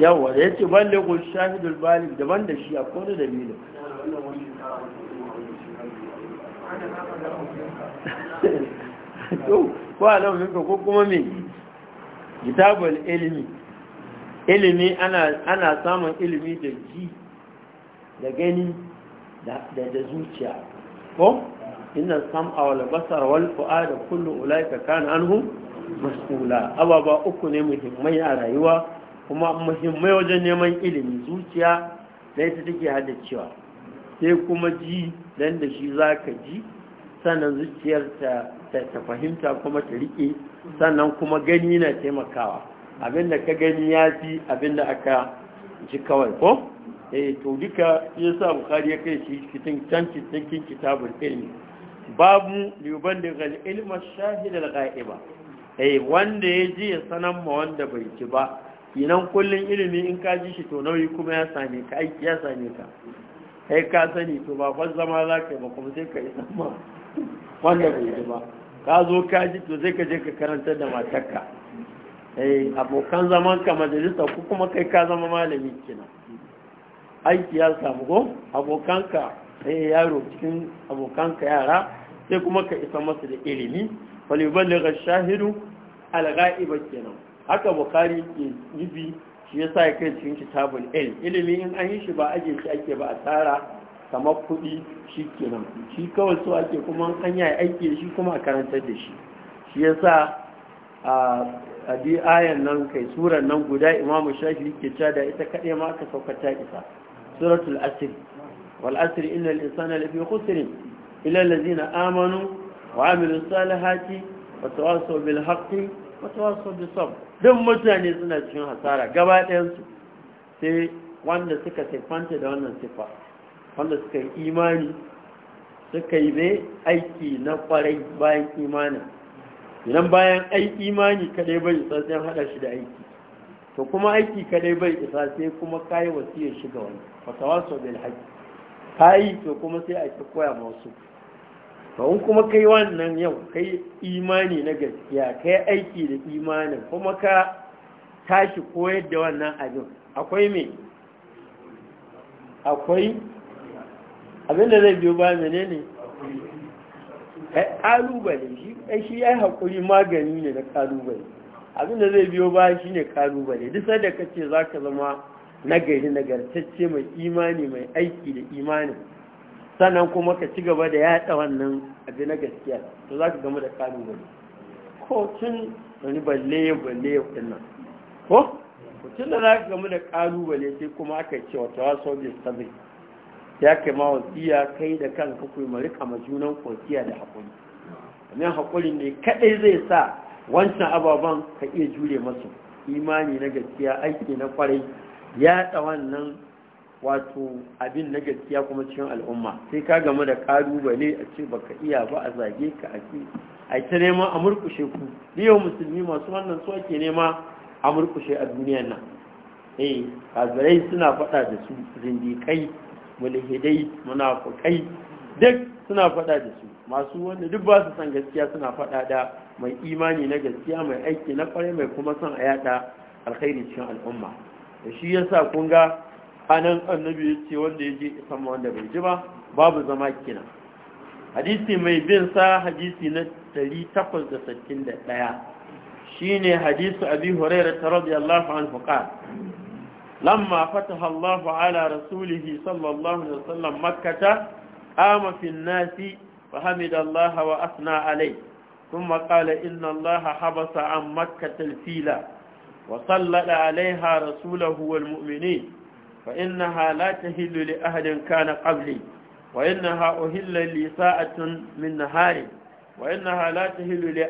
yawa da ya ce balle ko shahidul balik daban da shi a kone da biyu ko alam minka ko kuma me kitabul ilimi ilimi ana samun ilimi da ji da gani da zuciya ko Ina sam'a wal basar wal fu'ada kullu ulaika kana anhu mas'ula ababa uku ne muhimmai a rayuwa kuma muhimmai wajen neman ilimi zuciya da ita take haddacewa sai kuma ji dan da shi za ka ji sannan zuciyar ta fahimta kuma ta rike sannan kuma gani na taimakawa abinda ka gani ya fi abinda aka ji kawai ko? eh to duka ya sa bukari ya kai shi cikin can cikin kitabul ilmi babu liban da gal ilma shahidal ga'iba eh wanda ya ji ya sanan ma wanda bai ji ba inan kullun ilimi in ka ji shi to nauyi kuma ya same ka aiki ya same ka kai ka sani to ba kwan zama za ka yi ba kuma sai ka yi sama wanda bai yi ba ka zo ka ji to sai ka je ka karanta da matarka eh abokan zaman ka majalisa ko kuma kai ka zama malami kenan aiki ya samu ko abokanka eh yaro cikin abokanka yara sai kuma ka isa masa da ilimi wal yuballigha shahidu al-ghaiba kenan haka bukari ke nufi shi ya sa ya kai cikin tabul il ilimi in an yi shi ba aje shi ake ba a tsara kamar kuɗi shi kenan shi kawai so ake kuma an yi aiki shi kuma a karantar da shi shi ya sa a bi ayan nan kai surar nan guda imamu shafi ke cewa da ita kaɗai ma aka saukar ta suratul asir wal asir inna al-insana lafi khusrin illa allazina amanu wa amilus salihati wa tawassaw bil haqqi wa tawassaw bis sabr duk mutane suna cikin hasara gaba ɗayansu sai wanda suka taifanta da wannan sifa wanda suka yi imani suka yi mai aiki na kwarai bayan imanin idan bayan aiki imani kadai bai isa sai hada shi da aiki to kuma aiki kadai bai isa sai kuma kayi wasiyar shiga wani fatawa sau bil haƙi kayi to kuma sai ake koya masu. in kuma kai wannan yau kai imani na gaskiya kai aiki da imanin kuma ka tashi koyar da wannan abin akwai me akwai abinda zai biyo ba mene ne ƙalubale shi ya haƙuri magani ne da ƙalubale abinda zai biyo ba shi ne ƙalubale duk da ka ce za ka zama nagari nagartacce mai imani mai aiki da imanin sannan kuma ka ci gaba da yaɗa wannan abin na gaskiya to za ka gama da ƙalubale ko tun wani balle balle ya nan ko tun da za ka gama da ƙalubale sai kuma aka ce wata wasu obin sabi ya kai ma wasiya kai da kanka ku mari kama junan kwanciya da hakuri amma hakuri ne kaɗai zai sa wancan ababen ka iya jure masu imani na gaskiya aiki na kwarai yaɗa wannan wato abin na gaskiya kuma cikin al'umma sai ka game da ƙalubale a ce baka iya ba a zage ka a ce a ta nema a murkushe ku Biyan musulmi masu wannan su ake nema a murkushe a duniyar nan eh kazarai suna faɗa da su zindikai mulhidai munafukai duk suna faɗa da su masu wanda duk ba su san gaskiya suna faɗa da mai imani na gaskiya mai aiki na kwarai mai kuma son a yada alkhairi cikin al'umma da shi yasa kun ga a nan annabi ya ce wanda ya je isan wanda bai ji ba babu zama kina hadisi mai bin sa hadisi na 861 shine hadisu abi hurairah radiyallahu anhu qala لما فتح الله على رسوله صلى الله عليه وسلم مكة قام في الناس فحمد الله وأثنى عليه ثم قال إن الله حبس عن مكة الفيلة وصلت عليها رسوله والمؤمنين fa inna ha la ta hillu li ahadin kana qabli wa inna ha uhilla li sa'atin min nahari wa inna ha la ta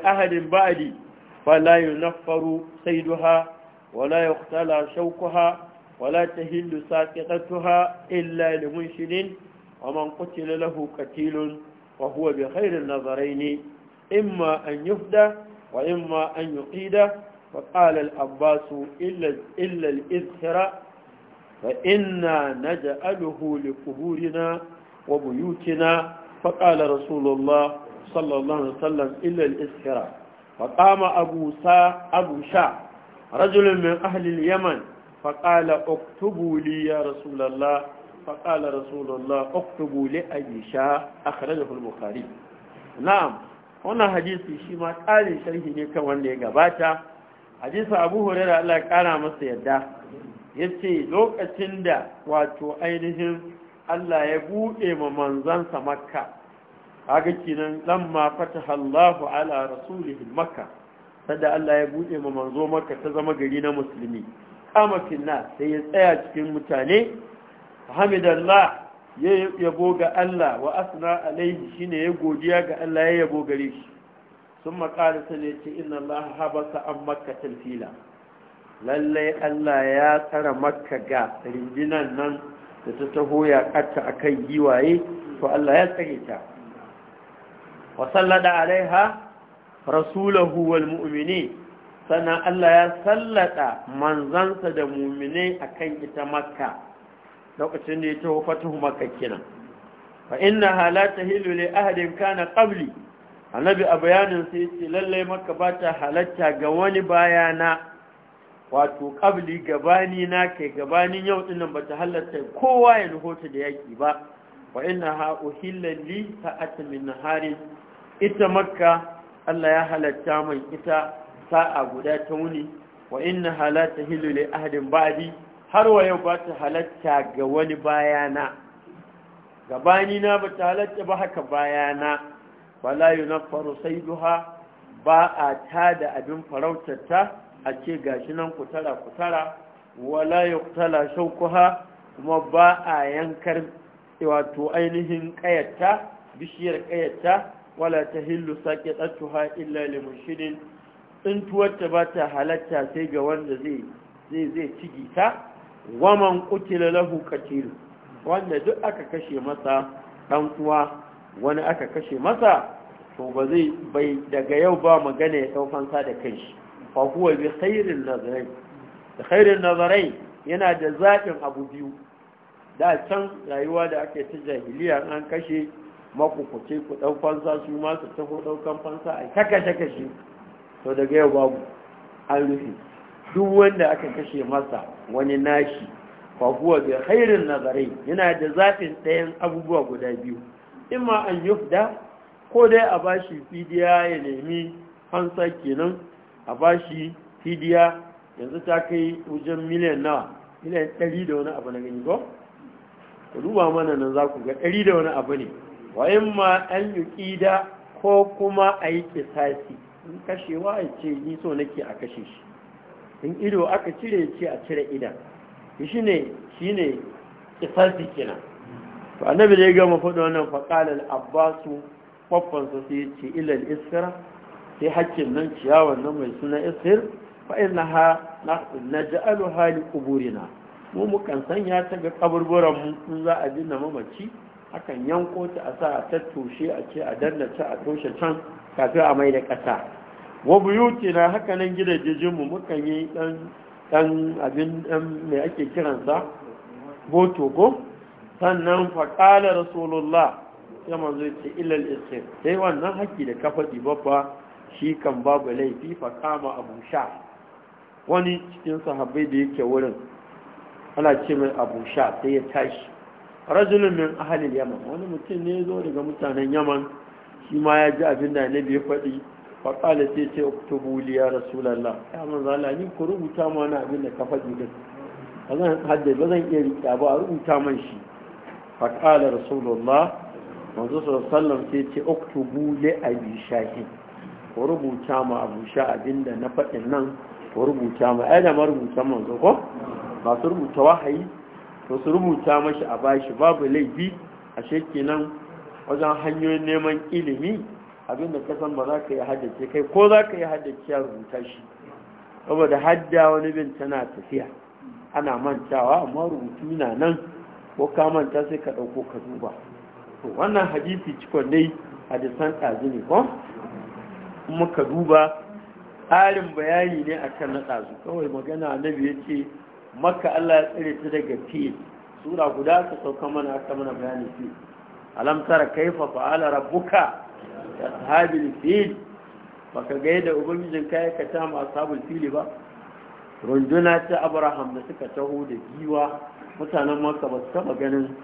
ahadin ba'di fa la yunaffaru saiduha wa la yuqtala shawquha wa la ta hillu saqitatuha illa li munshidin wa man qutila lahu qatilun wa huwa bi ghayri an imma an yufda wa imma an yuqida وقال الأباس إلا, إلا الإذخرة fa na naj'aluhu li quburina wa buyutina fa qala rasulullah sallallahu alaihi wasallam illa al-iskira fa qama abu sa rajulun min ahli al-yaman fa qala uktubu rasu ya rasulullah da رسول الله اكتبوا لأبي شاء أخرجه البخاري نعم هنا حديث شي ما قال شرحه ne kan wanda ya gabata hadisi Abu Hurairah Allah ya kara masa yadda yace lokacin da wato ainihin Allah ya bude ma manzansa makka haka kinan ma fataha Allahu ala rasulihi makka sada Allah ya buɗe ma manzo makka ta zama gari na musulmi kama finna sai ya tsaya cikin mutane hamidallah ya yabo ga Allah wa asna alaihi shine ya godiya ga Allah ya yabo gare shi sun maƙarisa ne ce inna Allah habasa an makka tilfila lallai Allah ya tsara makka ga rinjinan nan da ta taho ya katta a kan giwaye to Allah ya tsare ta wasallada alaiha rasulahu wal mu'mini sannan Allah ya sallada manzansa da muminai akan ita makka lokacin da ya taho fatuhu makka kenan fa ina halata tahilu li ahadin kana qabli annabi a bayanin sai ce lallai makka ba ta halatta ga wani bayana wato kabli gabani na kai gabanin yau nan ba ta halatta kowa ya nuhota da yaki ba wa inna ha uhilla li sa'at min hari? ita makka Allah ya halatta mai ita sa'a guda ta wuni wa inna halata hilu li ahadin ba'di har wa yau ba ta halatta ga wani bayana gabani na ba ta halatta ba haka bayana wala yunaffaru sayduha ba a tada abin farautar ta a ce gashi nan kutara kutara wala ya kutala shaukuha kuma ba a yankar wato ainihin ƙayata bishiyar ƙayata wala ta hillu sake tsattuha illa limushirin tsintuwarta ba ta halatta sai ga wanda zai zai cigi ta waman kutila lahu wanda duk aka kashe masa ɗan uwa wani aka kashe masa to ba zai bai daga yau ba magana ya ɗaukansa da shi. fa huwa bi khairin nazarai da khairin nazarai yana da zaɓin abu biyu da can rayuwa da ake ta jahiliya an kashe makukuce ku ɗau fansa su ma su taho ɗaukan fansa a ta kashe to daga yau babu an rufe duk wanda aka kashe masa wani nashi fa huwa bi khairin nazarai yana da zaɓin ɗayan abubuwa guda biyu imma an yufda ko dai a bashi fidiya ya nemi fansa kenan a bashi fidiya yanzu ta kai wajen miliyan nawa miliyan ɗari da wani abu na gani ko ku duba mana nan za ku ga ɗari da wani abu ne wayan ma an yi ƙida ko kuma a yi kisasi in kashewa a ce ni so nake a kashe shi in ido aka cire ce a cire idan shi ne shi ne kisasi kenan to annabi da ya gama faɗa wannan faƙalar abbasu kwaffansa sai ce ilal iskara sai hakkin nan ciyawan nan mai suna isir fa inna ha na ja'alu hali kuburina mu mukan sanya ta ga kaburburan mu in za a binne mamaci akan yanko ta a sa a tattushe a ce a dannace a toshe can kafin a mai da ƙasa wa na haka nan gidajejin mu mukan yi dan dan abin dan mai ake kiransa sa ko sannan faƙalar rasulullah ya manzo ce ilal isir sai wannan haƙƙi da ka faɗi babba shi kan babu laifi fa kama abu sha wani cikin sahabbai da yake wurin ana ce mai abu sha sai ya tashi rajulun min ahalil yaman wani mutum ne zo daga mutanen yaman shi ma ya ji abin da annabi ya faɗi fa qala sai ce uktubu li ya rasulullah ya man Allah ni ku rubuta ma wani abin da ka faɗi din bazan hadda bazan iya riƙa ba rubuta man shi fa qala rasulullah manzo sallallahu alaihi wasallam sai ce uktubu li abi shahin Ko rubuta ma abu sha abinda na faɗin nan ko rubuta ma ai da marubuta manzo ko su rubuta wahayi to su rubuta mashi a bashi babu laifi a nan, wajen hanyoyin neman ilimi abinda ka san ba za ka yi haddace kai ko za ka yi haddace ya rubuta shi saboda hadda wani bin tana tafiya ana mantawa amma rubutu na nan ko ka manta sai ka ɗauko ka duba to wannan hadisi cikon dai hadisan ɗazi ko muka duba tsarin bayani ne akan na ɗazu kawai magana annabi ya ce maka Allah ya tsare ta daga fi sura guda ta sauka mana aka mana bayani fiye alamtar kai kaifa fa'ala rabbuka ya sahabil Ba baka gai da ubangijin ka ta masu sabon fili ba runduna ta abraham da suka taho da giwa mutanen maka ba su taba ganin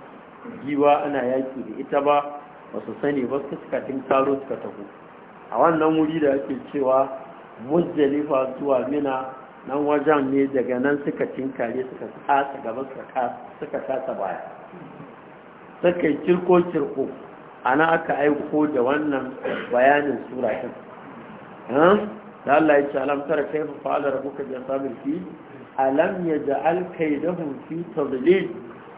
giwa ana yaki da ita ba ba su sani ba suka tinka suka taho a wannan wuri da ake cewa muzdalifa zuwa mina nan wajen ne daga nan suka tinkare suka kasa gaba suka kasa baya suka yi kirko-kirko ana aka aiko da wannan bayanin suratun da Allah ya ce alamtar kai fa'ala muka bi asabil fi alam yaj'al kaydahum fi tadlil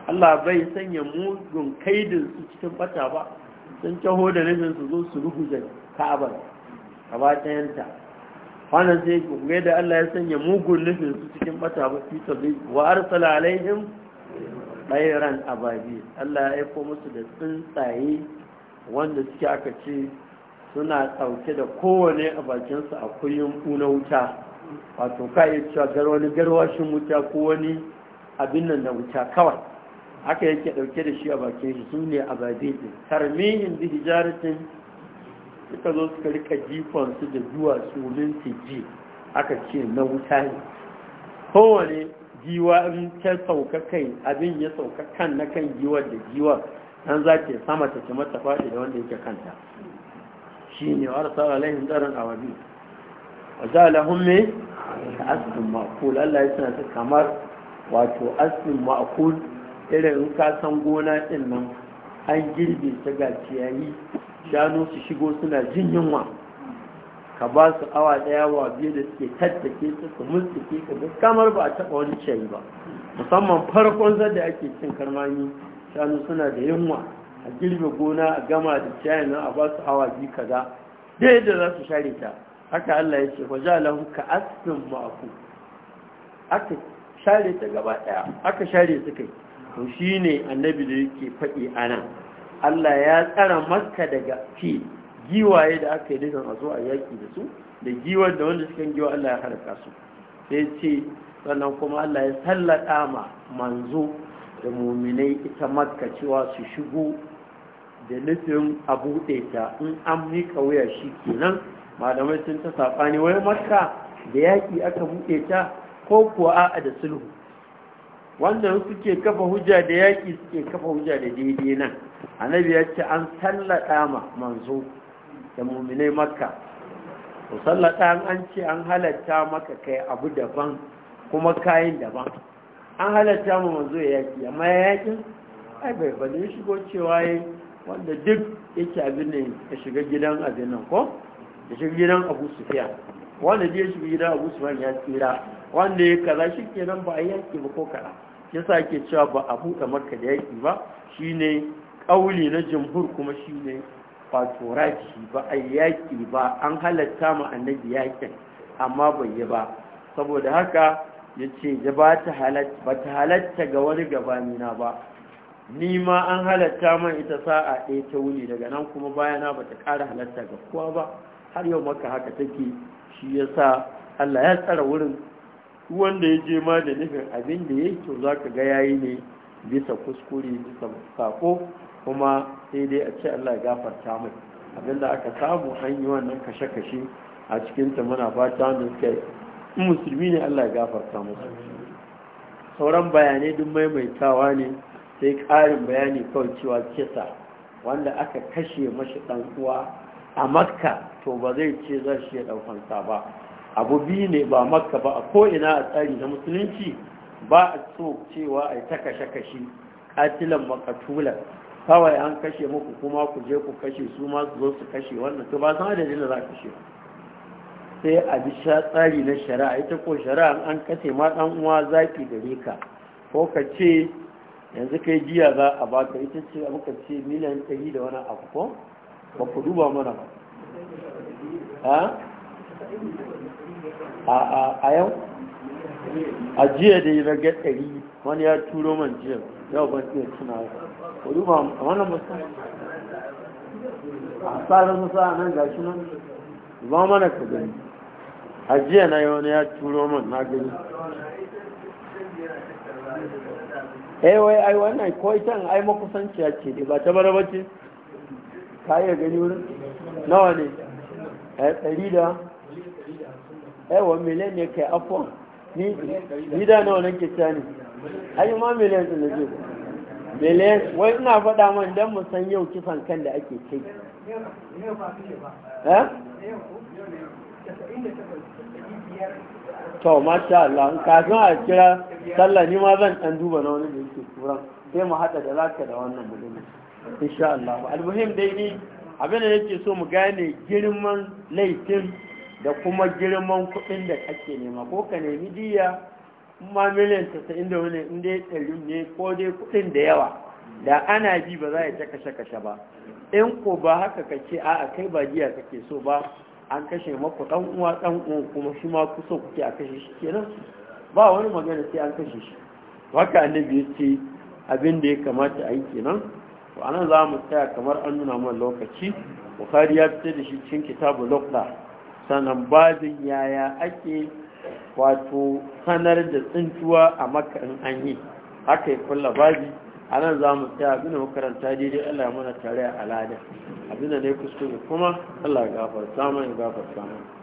Allah bai sanya mugun kaidin cikin bata ba sun taho da nufin su zo su rubuta ka'abar gaba ɗayanta wannan sai ga da Allah ya sanya mugun nufin su cikin bata ba zai tabi wa arsala alaihim bayran abadi Allah ya aika musu da tsuntsaye wanda suke aka ce suna ɗauke da kowane a su a kuyin kuna wuta wato ka yi cewa garwani garwashin wuta ko wani abin nan na wuta kawai haka yake dauke da shi a bakin shi su ne tarmihin bi hijaratin suka zo suka rika su da zuwa duwatsu su ji aka ce na wuta ne kowane giwa in ta sauka kai abin ya sauka kan na kan giwar da giwar an za ta sama ta cimar ta faɗi da wanda yake kanta shi ne wa rasa alaihim daren awabi wa za me asibin ma'akul allah ya sanata kamar wato asibin ma'akul irin kasan gona ɗin nan an girbe ta ga ciyayi shanu su shigo suna jin yunwa ka ba su awa daya wa biyu da suke tattake su su mustake ka ga kamar ba a taba wani ciyayi ba musamman farkon zai da ake cin karmami shanu suna da yunwa a girbe gona a gama da ciyayi a ba su awa biyu kaza da yadda za su share ta haka Allah ya ce ja lahu ka asfin ma'afu aka share ta gaba daya aka share su kai to shine annabi da yake faɗi anan Allah ya tsara makka daga fi giwaye da aka yi nisan a zo a yaƙi da su da giwar da wanda suka giwa Allah ya halaka su sai ce sannan kuma Allah ya sallada ma manzo da muminai ita makka cewa su shigo da nufin a buɗe ta in an miƙa wuya shi kenan malamai sun ta saɓani wai makka da yaƙi aka buɗe ta ko kuwa a'a da sulhu wanda suke kafa hujja da yaƙi suke kafa hujja da daidai nan annabi ya ce an sallada ma manzo da muminai makka to sallada an ce an halatta maka kai abu daban kuma kayan daban an halatta ma manzo ya yaki amma ya yaki ai bai bane shigo cewa yi wanda duk yake abin ne ya shiga gidan abin nan ko ya shiga gidan abu sufiya wanda ya shiga gidan abu sufiya ya tsira wanda ya kaza shi kenan ba a yaki ba ko kaɗan yasa ke cewa ba a buɗe maka da yaki ba shine ƙauli na jamhur kuma shi ne ba tsoraci ba a yaƙi ba an halatta ma annabi yaƙin amma bai yi ba saboda haka ya ce ya ba ta halatta ga wani gabanina ba ni ma an halatta man ita sa'a ɗaya ta wuni daga nan kuma bayana ba ta ƙara halatta ga kowa ba har yau maka haka take shi ya sa Allah ya tsara wurin wanda ya je ma da nufin abin da ya yi to za ka ga yayi ne bisa kuskure bisa sako kuma sai dai a ce Allah ya gafarta mai abinda aka samu an wannan kashe-kashe a cikinta muna fata wanda kai. In musulmi ne Allah ya gafarta musu sauran bayanai duk maimaitawa ne sai ƙarin bayani kawai cewa kisa wanda aka kashe mashi ɗan uwa a makka to ba zai ce za shi ya ɗaukansa ba abu biyu ne ba makka ba a ko'ina a tsari na musulunci ba a so cewa a ta kashe-kashe katilan makatulan kawai an kashe muku kuma ku je ku kashe su ma su zo su kashe wannan to ba san adadin da za ka kashe sai a bi tsari na shari'a ita ko shari'a an kashe ma dan uwa zaki gare ka ko ka ce yanzu kai jiya za a baka ita ce muka ce miliyan ɗari da wani abu ko ba ku duba mana ba a yau a jiya da yi ragar 100 wani ya turo man jiya yau ban iya tunawa ku duba wannan musa a tsarin musa a nan gashi nan ba mana ka gani ajiya na yi wani ya turo min na gani eh wai ai wannan ko ita ai makusanciya ce dai ba ta bara bace ka iya gani wurin nawa ne eh ɗari da eh miliyan ne kai afwan ni da nawa nake ta ne ai ma miliyan ɗin ne ba bele wai ina faɗa man don mu san yau kisan kan da ake kai eh? to masha Allah kafin a kira sallah ni ma zan ɗan duba na wani da yake turan sai mu haɗa da zaka da wannan mutumin insha Allah almuhim dai ne abin da yake so mu gane girman laifin da kuma girman kuɗin da ake nema ko ka nemi diya ma miliyan tasa'in da wani inda ya ɗari ne ko dai kuɗin da yawa da ana bi ba za a ta kashe-kashe ba in ko ba haka ka ce a kai ba giya kake so ba an kashe maku ɗan uwa ɗan uwa kuma shi ma ku so kuke a kashe shi kenan ba wani magana sai an kashe shi haka annabi ya ce abin da ya kamata a yi kenan to anan za mu tsaya kamar an nuna mana lokaci bukhari ya fitar da shi cikin kitabu lokta sannan bazin yaya ake wato sanar da tsintuwa a maka in an yi haka yi kulla babi a nan za mu tsaya abin makaranta daidai allah mana tare a alada abin ne kuskure kuma allah ya gafarta mana ya gafarta